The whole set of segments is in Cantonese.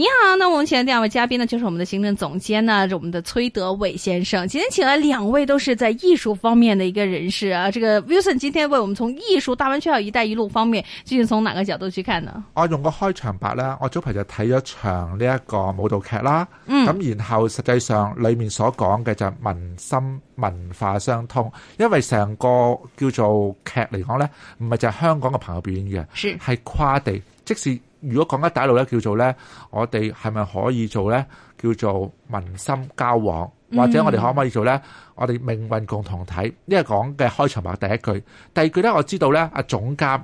你好，那我們請來第二位嘉賓呢，就是我們的行政總監呢，啊，就是，我們的崔德煒先生。今天請來兩位都是在藝術方面的一個人士啊。這個 Wilson，今天為我們從藝術大灣區到一帶一路方面，究竟從哪個角度去看呢？我用個開場白啦，我早排就睇咗場呢一個舞蹈劇啦，咁、嗯、然後實際上裏面所講嘅就係民心文化相通，因為成個叫做劇嚟講咧，唔係就係香港嘅朋友表演嘅，係是跨地，即使。如果講緊第一路咧，叫做咧，我哋係咪可以做咧？叫做民心交往，或者我哋可唔可以做咧？我哋命運共同體，呢個講嘅開場白第一句。第二句咧，我知道咧，阿總監，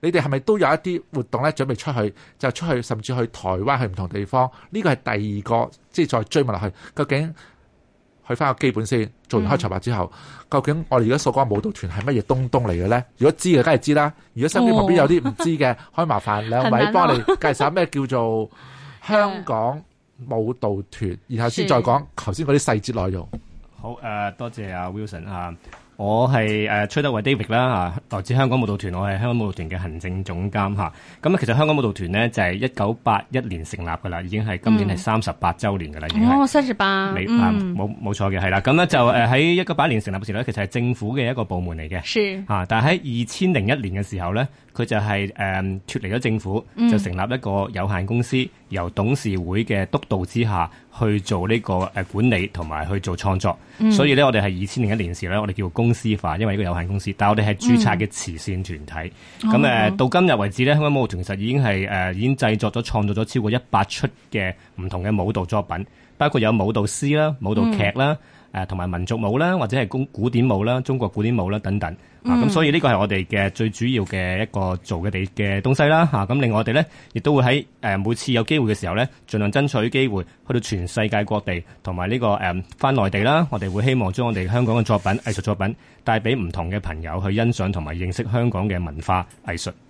你哋係咪都有一啲活動咧，準備出去就出去，甚至去台灣，去唔同地方。呢個係第二個，即係再追問落去，究竟？去翻個基本先，做完開場白之後，嗯、究竟我哋而家所講舞蹈團係乜嘢東東嚟嘅咧？如果知嘅梗係知啦，如果身邊旁邊有啲唔知嘅，哦、可以麻煩兩位幫你介紹下咩叫做香港舞蹈團，嗯、然後先再講頭先嗰啲細節內容。好，誒、uh, 多謝阿 Wilson 啊。Wilson, uh, 我係誒崔德煒 David 啦、啊、嚇，來自香港舞蹈團，我係香港舞蹈團嘅行政總監嚇。咁、啊啊、其實香港舞蹈團呢，就係一九八一年成立嘅啦，已經係今年係三十八週年嘅啦，嗯、已經是。哦，三十八。冇冇、啊、錯嘅，係啦。咁、啊、咧就誒喺一九八一年成立嘅時候咧，其實係政府嘅一個部門嚟嘅。是。啊，但係喺二千零一年嘅時候咧，佢就係誒脱離咗政府，就成立一個有限公司。嗯由董事會嘅督導之下去做呢、這個誒、呃、管理同埋去做創作，嗯、所以咧我哋係二千零一年時咧，我哋叫公司化，因為呢個有限公司，但係我哋係註冊嘅慈善團體。咁誒到今日為止咧，香港舞蹈團其實已經係誒、呃、已經製作咗創造咗超過一百出嘅唔同嘅舞蹈作品，包括有舞蹈詩啦、舞蹈劇啦。嗯誒同埋民族舞啦，或者係古古典舞啦、中國古典舞啦等等，嗯、啊咁所以呢個係我哋嘅最主要嘅一個做嘅地嘅東西啦，嚇、啊、咁令我哋呢，亦都會喺每次有機會嘅時候呢，盡量爭取機會去到全世界各地，同埋呢個誒翻、嗯、內地啦，我哋會希望將我哋香港嘅作品、藝術作品帶俾唔同嘅朋友去欣賞同埋認識香港嘅文化藝術。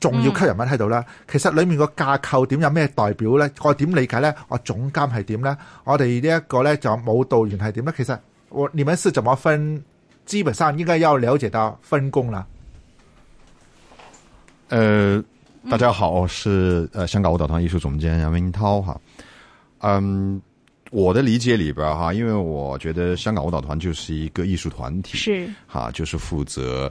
重要級人物喺度啦，嗯、其實裡面個架構點有咩代表呢？我點理解呢？我總監係點呢？我哋呢一個呢，就舞蹈員係點呢？其實我你們是怎麼分？基本上應該要了解到分工啦。誒、呃，大家好，我是誒香港舞蹈團藝術總監楊雲濤哈。嗯，我的理解裏邊哈，因為我覺得香港舞蹈團就是一個藝術團體，是哈，就是負責。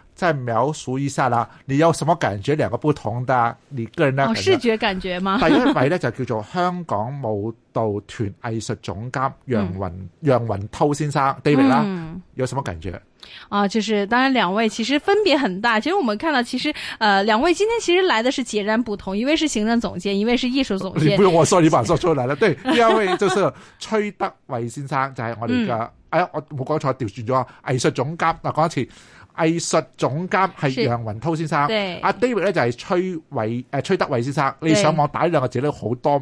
再描述一下啦，你有什麼感覺？兩個不同的，啊，你個人咧，哦？視覺感覺嗎？ 第一位呢，就叫做香港舞蹈團藝術總監楊雲楊，嗯，雲濤先生，David 啦，嗯，有什麼感覺？啊，就是當然兩位其實分別很大。其實我們看到，其實，呃，兩位今天其實來的是截然不同，一位是行政總監，一位是藝術總監。你不用我說， 你把說出來了。 對，第二位就是崔德煒先生，就係，是，我哋嘅，嗯，哎呀，我冇講錯，調轉咗藝術總監，我，啊，講一次。藝術總監係楊雲濤先生，阿 David 咧就係崔煒，誒、呃、崔德煒先生，你上網打呢兩個字咧好多。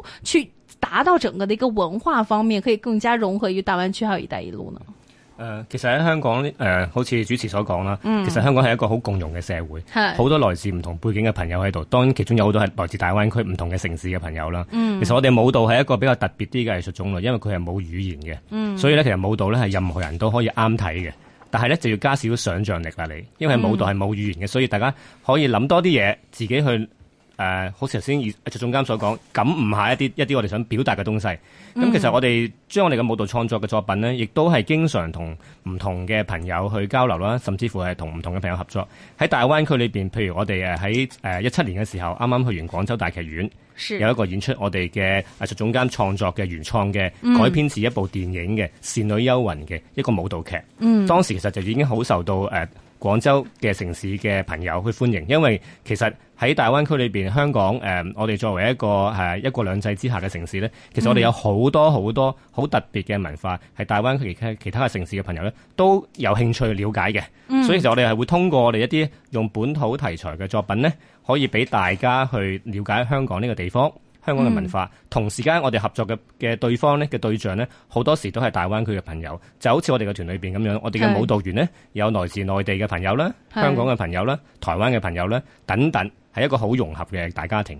去達到整個的一個文化方面，可以更加融合於大灣區，還有一帶一路呢？誒，呃，其實喺香港，誒，呃，好似主持所講啦，嗯，其實香港係一個好共融嘅社會，係好多來自唔同背景嘅朋友喺度，當然其中有好多係來自大灣區唔同嘅城市嘅朋友啦，嗯，其實我哋舞蹈係一個比較特別啲嘅藝術種類，因為佢係冇語言嘅，嗯，所以咧其實舞蹈咧係任何人都可以啱睇嘅，但係咧就要加少少想像力啦你，因為舞蹈係冇語言嘅，嗯，所以大家可以諗多啲嘢，自己去。誒、呃，好似頭先藝術總監所講，感悟一下一啲一啲我哋想表達嘅東西。咁其實我哋將我哋嘅舞蹈創作嘅作品呢，亦都係經常同唔同嘅朋友去交流啦，甚至乎係同唔同嘅朋友合作。喺大灣區裏邊，譬如我哋誒喺誒一七年嘅時候，啱啱去完廣州大劇院，是有一個演出我哋嘅藝術總監創作嘅原創嘅、嗯、改編自一部電影嘅《倩女幽魂》嘅一個舞蹈劇。嗯，當時其實就已經好受到誒、呃、廣州嘅城市嘅朋友去歡迎，因為其實。喺大灣區裏面，香港誒、嗯，我哋作為一個誒、啊、一國兩制之下嘅城市呢，其實我哋有好多好多好特別嘅文化，係、嗯、大灣區其他嘅城市嘅朋友呢，都有興趣去了解嘅。嗯、所以其實我哋係會通過我哋一啲用本土題材嘅作品呢，可以俾大家去了解香港呢個地方、香港嘅文化。嗯、同時間，我哋合作嘅嘅對方呢嘅對象呢，好多時都係大灣區嘅朋友，就好似我哋嘅團裏面咁樣，我哋嘅舞蹈員呢，有來自內地嘅朋友啦、是 香港嘅朋友啦、是 台灣嘅朋友啦等等。係一個好融合嘅大家庭。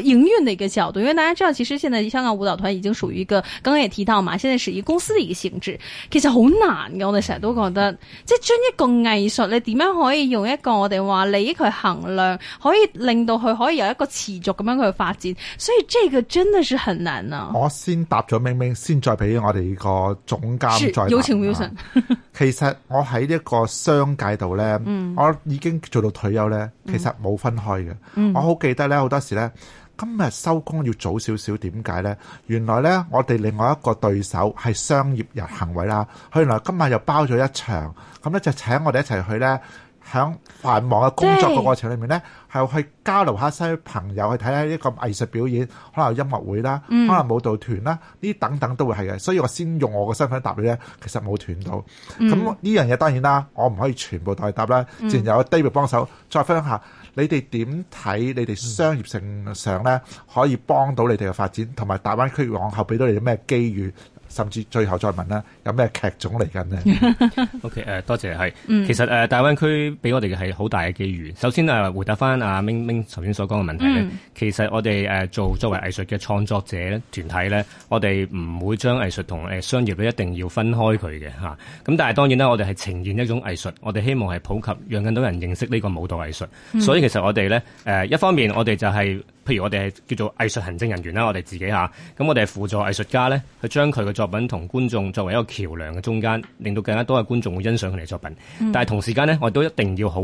營運的一個角度，因為大家知道，其實現在香港舞蹈團已經屬於一個，剛剛也提到嘛，現在是以公司的一個性質，其實好難嘅我哋，成日都覺得即係將一個藝術，你點樣可以用一個我哋話利益佢衡量，可以令到佢可以有一個持續咁樣去發展，所以這個真的是很難啊！我先答咗明明，先再俾我哋個總監再問。有請 Wilson 其實我喺一個商界度呢、 嗯、我已經做到退休呢，其實冇分開嘅。嗯嗯、我好記得呢好多時呢今日收工要早少少，點解呢？原來呢，我哋另外一個對手係商業人行為啦。佢原來今晚又包咗一場，咁呢就請我哋一齊去呢，喺繁忙嘅工作嘅過程裏面呢，係對 去交流下西朋友，去睇下一個藝術表演，可能有音樂會啦，嗯、可能舞蹈團啦，呢等等都會係嘅。所以我先用我嘅身份答你呢，其實冇斷到。咁呢、嗯、樣嘢當然啦，我唔可以全部代答啦，自然有 David 幫手再分享下。你哋點睇？你哋商業性上咧，可以幫到你哋嘅發展，同埋大灣區往後俾到你哋咩機遇？甚至最後再問啦，有咩劇種嚟緊呢？o K，誒多謝，係。其實誒、呃，大灣區俾我哋嘅係好大嘅機緣。首先誒，回答翻阿明明 n 先所講嘅問題、嗯、其實我哋、呃、做作為藝術嘅創作者咧，團體咧，我哋唔會將藝術同商業咧一定要分開佢嘅。咁但係當然呢，我哋係呈現一種藝術，我哋希望係普及，讓更多人認識呢個舞蹈藝術。所以其實我哋咧，誒一方面，我哋就係、是。譬如我哋係叫做藝術行政人員啦，我哋自己吓。咁我哋係輔助藝術家咧，去將佢嘅作品同觀眾作為一個橋梁嘅中間，令到更加多嘅觀眾會欣賞佢哋作品。嗯、但係同時間咧，我都一定要好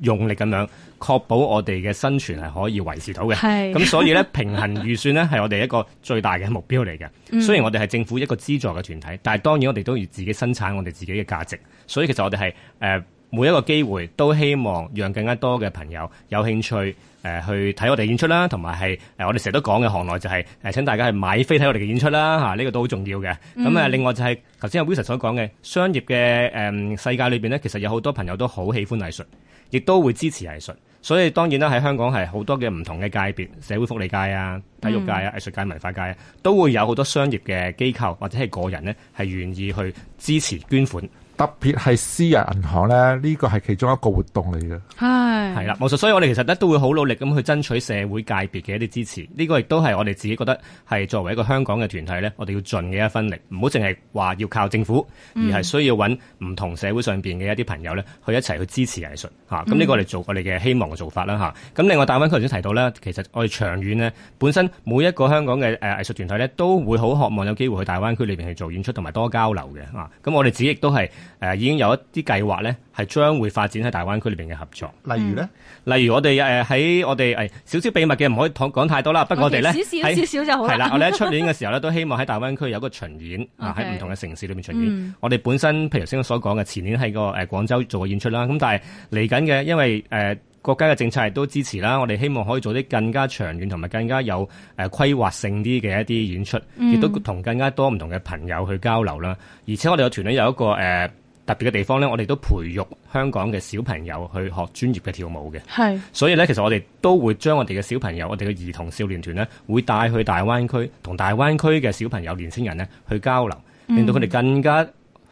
用力咁樣確保我哋嘅生存係可以維持到嘅。咁是所以咧，平衡預算咧係我哋一個最大嘅目標嚟嘅。嗯、雖然我哋係政府一個資助嘅團體，但係當然我哋都要自己生產我哋自己嘅價值。所以其實我哋係誒每一個機會都希望讓更加多嘅朋友有興趣誒、呃、去睇我哋演出啦，同埋係誒我哋成日都講嘅行內就係、是、誒、呃、請大家去買飛睇我哋嘅演出啦嚇，呢、啊這個都好重要嘅。咁啊、嗯，另外就係頭先阿 Wilson 所講嘅商業嘅誒、嗯、世界裏邊咧，其實有好多朋友都好喜歡藝術，亦都會支持藝術。所以當然啦，喺香港係好多嘅唔同嘅界別，社會福利界啊、體育界啊、藝術界、文化界啊，嗯、都會有好多商業嘅機構或者係個人呢，係願意去支持捐款。特別係私人銀行咧，呢個係其中一個活動嚟嘅。係係啦，冇數，所以我哋其實咧都會好努力咁去爭取社會界別嘅一啲支持。呢、呢個亦都係我哋自己覺得係作為一個香港嘅團體咧，我哋要盡嘅一分力，唔好淨係話要靠政府，而係需要揾唔同社會上邊嘅一啲朋友咧，去一齊去支持藝術嚇。咁呢、嗯啊、個我哋做我哋嘅希望嘅做法啦咁、啊、另外，大灣區頭先提到呢，其實我哋長遠咧，本身每一個香港嘅誒、呃、藝術團體咧，都會好渴望有機會去大灣區裏邊去做演出同埋多交流嘅啊。咁我哋自己亦都係。誒、呃、已經有一啲計劃咧，係將會發展喺大灣區裏邊嘅合作。例如咧，例如我哋誒喺我哋誒少少秘密嘅，唔可以講講太多啦。不過我哋咧，少 Okay, 在少少少就好啦。係啦，我哋喺出年嘅時候咧， 都希望喺大灣區有一個巡演啊，喺、呃、唔同嘅城市裏邊巡演。Okay. 我哋本身譬如頭先所講嘅，前年喺個誒廣州做過演出啦。咁但係嚟緊嘅，因為誒。呃國家嘅政策亦都支持啦，我哋希望可以做啲更加長遠同埋更加有誒規劃性啲嘅一啲演出，亦都同更加多唔同嘅朋友去交流啦。而且我哋個團咧有一個、呃、特別嘅地方咧，我哋都培育香港嘅小朋友去學專業嘅跳舞嘅。是所以咧其實我哋都會將我哋嘅小朋友、我哋嘅兒童少年團咧，會帶去大灣區同大灣區嘅小朋友、年輕人咧去交流，令到佢哋更加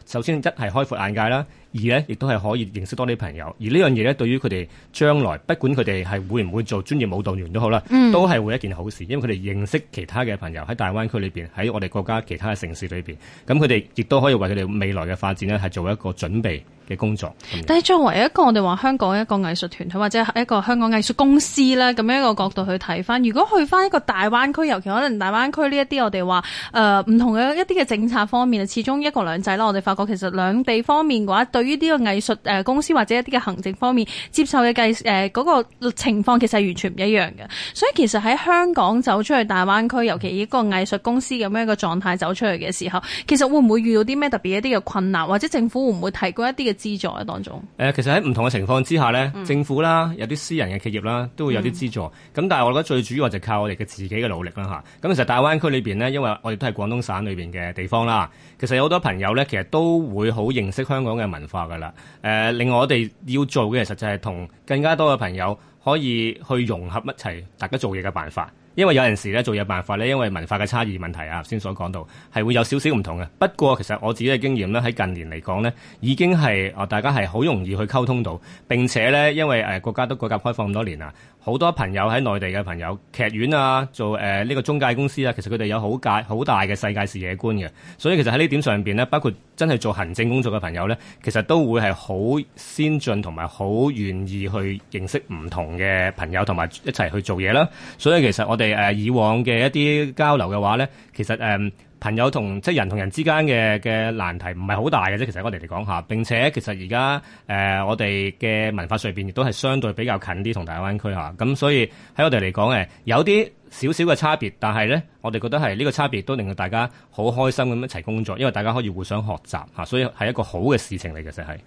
首先一係開闊眼界啦。而咧，亦都係可以認識多啲朋友，而呢樣嘢咧，對於佢哋將來，不管佢哋係會唔會做專業舞蹈員都好啦，都係會一件好事，因為佢哋認識其他嘅朋友喺大灣區裏邊，喺我哋國家其他嘅城市裏邊，咁佢哋亦都可以為佢哋未來嘅發展咧係做一個準備。嘅工作，但係作為一個我哋話香港一個藝術團體或者一個香港藝術公司咧，咁樣一個角度去睇翻，如果去翻一個大灣區，尤其可能大灣區呢一啲我哋話誒唔同嘅一啲嘅政策方面，始終一國兩制啦。我哋發覺其實兩地方面嘅話對於呢個藝術誒公司或者一啲嘅行政方面接受嘅計誒嗰個情況其實完全唔一樣嘅。所以其實喺香港走出去大灣區，尤其呢個藝術公司咁樣一個狀態走出去嘅時候，其實會唔會遇到啲咩特別一啲嘅困難或者政府會唔會提供一啲嘅？資助啊，當中誒，其實喺唔同嘅情況之下咧，政府啦，有啲私人嘅企業啦，都會有啲資助。咁但係我覺得最主要就係靠我哋嘅自己嘅努力啦嚇。咁其實大灣區裏邊咧，因為我哋都係廣東省裏邊嘅地方啦，其實有好多朋友咧，其實都會好認識香港嘅文化噶啦。誒，另外我哋要做嘅其實就係同更加多嘅朋友可以去融合一齊，大家做嘢嘅辦法。因為有陣時咧做嘢辦法咧，因為文化嘅差異問題啊，先所講到係會有少少唔同嘅。不過其實我自己嘅經驗咧，喺近年嚟講咧，已經係啊大家係好容易去溝通到。並且咧，因為誒國家都改革開放咁多年啦，好多朋友喺內地嘅朋友，劇院啊，做誒呢個中介公司啊，其實佢哋有好界好大嘅世界視野觀嘅。所以其實喺呢點上邊咧，包括真係做行政工作嘅朋友咧，其實都會係好先進同埋好願意去認識唔同嘅朋友同埋一齊去做嘢啦。所以其實我哋。誒，以往嘅一啲交流嘅話咧，其實誒、嗯、朋友同即係人同人之間嘅嘅難題唔係好大嘅啫。其實我哋嚟講吓，並且其實而家誒我哋嘅文化上邊亦都係相對比較近啲同大灣區吓，咁、嗯、所以喺我哋嚟講誒有啲少少嘅差別，但係咧我哋覺得係呢個差別都令到大家好開心咁一齊工作，因為大家可以互相學習吓，所以係一個好嘅事情嚟嘅，就係。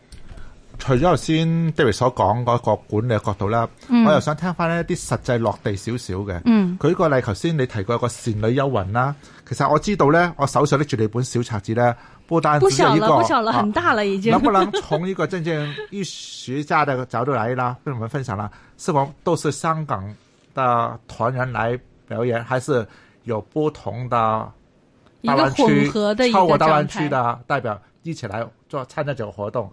除咗頭先 David 所講嗰個管理角度啦，嗯、我又想聽翻呢一啲實際落地少少嘅。嗯、舉個例，頭先你提過一個倩女幽魂啦，其實我知道咧，我手上拎住你本小冊子咧，不單止個。不小了，不小了，啊、很大了已經。能不能從呢個真正藝術家的角度嚟啦， 跟我們分享啦？是否都是香港的團員來表演，還是有不同的大灣區、超過大灣區的代表一起來做參加這個活動？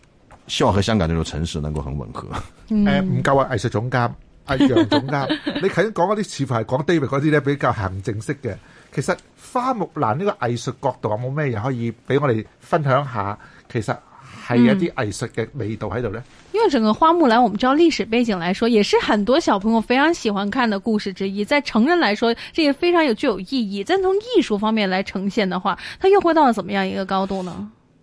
希望和香港呢種城市能夠很吻合。嗯唔、呃、夠啊！藝術總監阿楊、啊、總監， 你頭講嗰啲，似乎係講地 i 嗰啲咧，比較行政式嘅。其實花木蘭呢個藝術角度有冇咩嘢可以俾我哋分享一下？其實係一啲藝術嘅味道喺度呢、嗯。因為整個花木蘭，我們知道歷史背景來說，也是很多小朋友非常喜歡看的故事之一。在成人來說，這也非常有具有意義。但從藝術方面來呈現的話，它又會到了怎麼樣一個高度呢？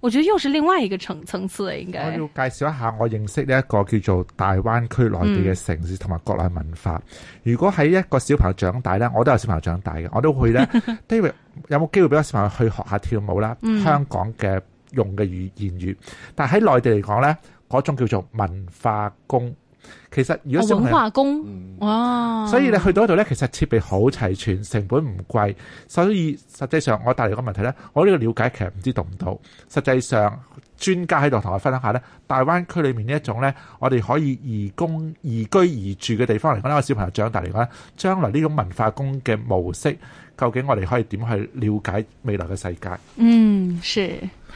我覺得又是另外一個層層次嘅，應該。我要介紹一下我認識呢一個叫做大灣區內地嘅城市同埋國內文化。嗯、如果喺一個小朋友長大咧，我都有小朋友長大嘅，我都會咧。David 有冇機會俾我小朋友去學一下跳舞啦？香港嘅、嗯、用嘅語言語，但喺內地嚟講咧，嗰種叫做文化宮。其實如果小朋友文化宮，嗯、哇，所以你去到嗰度咧，其實設備好齊全，成本唔貴，所以實際上我帶嚟個問題咧，我呢個了解其實唔知道讀唔到。實際上專家喺度同我分享下咧，大灣區裏面呢一種咧，我哋可以移工移居移住嘅地方嚟講，呢個小朋友長大嚟講咧，將來呢種文化宮嘅模式，究竟我哋可以點去了解未來嘅世界？嗯，是。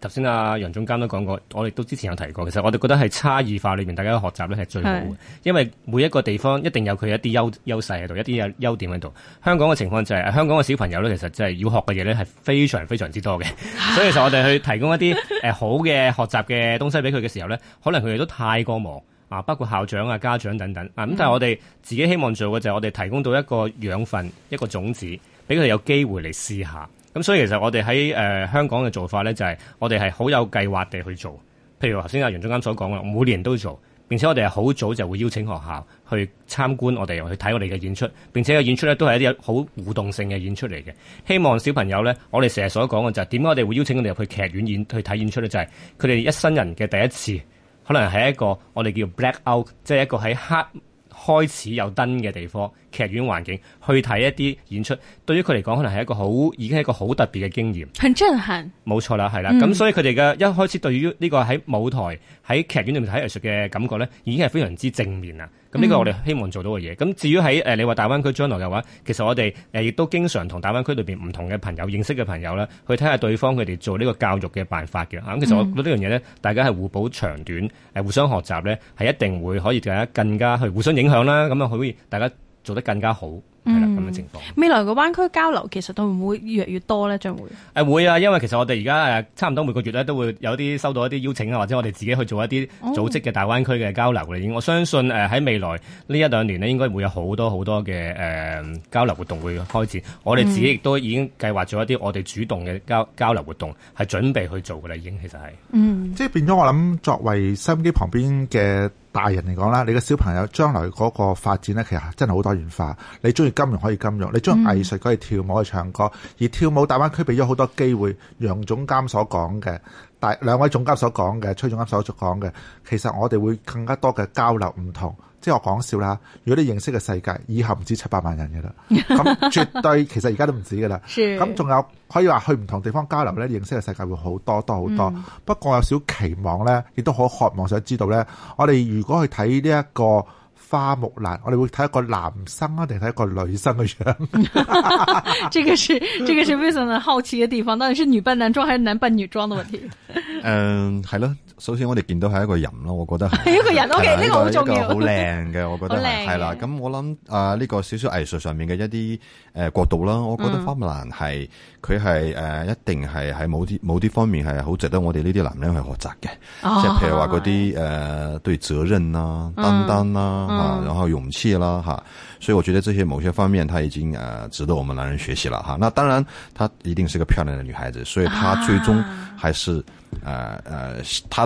頭先啊楊總監都講過，我哋都之前有提過。其實我哋覺得係差異化裏面，大家嘅學習咧係最好嘅，是因為每一個地方一定有佢一啲優優勢喺度，一啲優點喺度。香港嘅情況就係、是、香港嘅小朋友咧，其實真係要學嘅嘢咧係非常非常之多嘅。 所以其實我哋去提供一啲、 呃、好嘅學習嘅東西俾佢嘅時候咧，可能佢哋都太過忙啊，包括校長啊、家長等等啊。咁但係我哋自己希望做嘅就係我哋提供到一個養分、一個種子，俾佢哋有機會嚟試下。咁、嗯、所以其實我哋喺、呃、香港嘅做法咧，就係、是、我哋係好有計劃地去做。譬如頭先阿楊總監所講嘅，每年都做，並且我哋係好早就會邀請學校去參觀我哋，去睇我哋嘅演出。並且嘅演出咧都係一啲好互動性嘅演出嚟嘅。希望小朋友咧，我哋成日所講嘅就係點解我哋會邀請佢哋入去劇院演去睇演出咧？就係佢哋一生人嘅第一次，可能係一個我哋叫 black out，即係一個喺黑，開始有燈嘅地方，劇院環境去睇一啲演出，對於佢嚟講，可能係一個好，已經係一個好特別嘅經驗。很震撼，冇錯啦，係啦，咁、嗯、所以佢哋嘅一開始對於呢個喺舞台、喺劇院裏面睇藝術嘅感覺咧，已經係非常之正面啦。咁呢個我哋希望做到嘅嘢。咁、嗯、至於喺你話大灣區將來嘅話，其實我哋誒亦都經常同大灣區裏面唔同嘅朋友、認識嘅朋友啦去睇下對方佢哋做呢個教育嘅辦法嘅。嚇咁、嗯、其實我覺得呢樣嘢咧，大家係互補長短，誒互相學習咧，係一定會可以大家更加去互相影響啦。咁啊可以大家做得更加好。係啦，咁嘅情況，未來個灣區交流其實會唔會越嚟越多咧？將會誒會啊，因為其實我哋而家誒差唔多每個月咧都會有啲收到一啲邀請啊，或者我哋自己去做一啲組織嘅大灣區嘅交流，嗯、我相信誒喺未來呢一兩年咧，應該會有好多好多嘅誒、呃、交流活動會開始。我哋自己亦都已經計劃咗一啲我哋主動嘅交交流活動，係準備去做噶啦。已經其實係，嗯，即係變咗我諗，作為收音機旁邊嘅。大人嚟講啦，你個小朋友將來嗰個發展呢，其實真係好多元化。你中意金融可以金融，你中意藝術可以跳舞、去唱歌。嗯、而跳舞大灣區俾咗好多機會，楊總監所講嘅，兩位總監所講嘅，崔總監所講嘅，其實我哋會更加多嘅交流唔同。即係我講笑啦！如果你認識嘅世界，以後唔止七百萬人嘅啦，咁絕對 其實而家都唔止噶啦。咁仲是有可以話去唔同地方交流咧，認識嘅世界會好多多好多。嗯、不過有少期望咧，亦都好渴望想知道咧，我哋如果去睇呢一個花木蘭，我哋會睇一個男生啊，定睇一個女生嘅樣 這？呢個係呢個係非常好奇嘅地方？到底是女扮男裝，還是男扮女裝嘅問題？ 嗯係囉。首先我哋見到係一個人咯，我覺得係、okay，一個人咯，呢個好重要。好靚嘅，我覺得係啦。咁我諗啊，呢、呃這個少少藝術上面嘅一啲誒角度啦，我覺得花木蘭係佢係誒一定係喺某啲某啲方面係好值得我哋呢啲男人去學習嘅。即係、哦、譬如話嗰啲誒對責任啦、啊、擔當啦，嗯、啊然後勇氣啦，哈、嗯啊。所以我覺得這些某些方面，她已經誒、呃、值得我們男人學習啦，哈、啊。那當然，她一定是個漂亮的女孩子，所以她最終還是誒誒，她、啊呃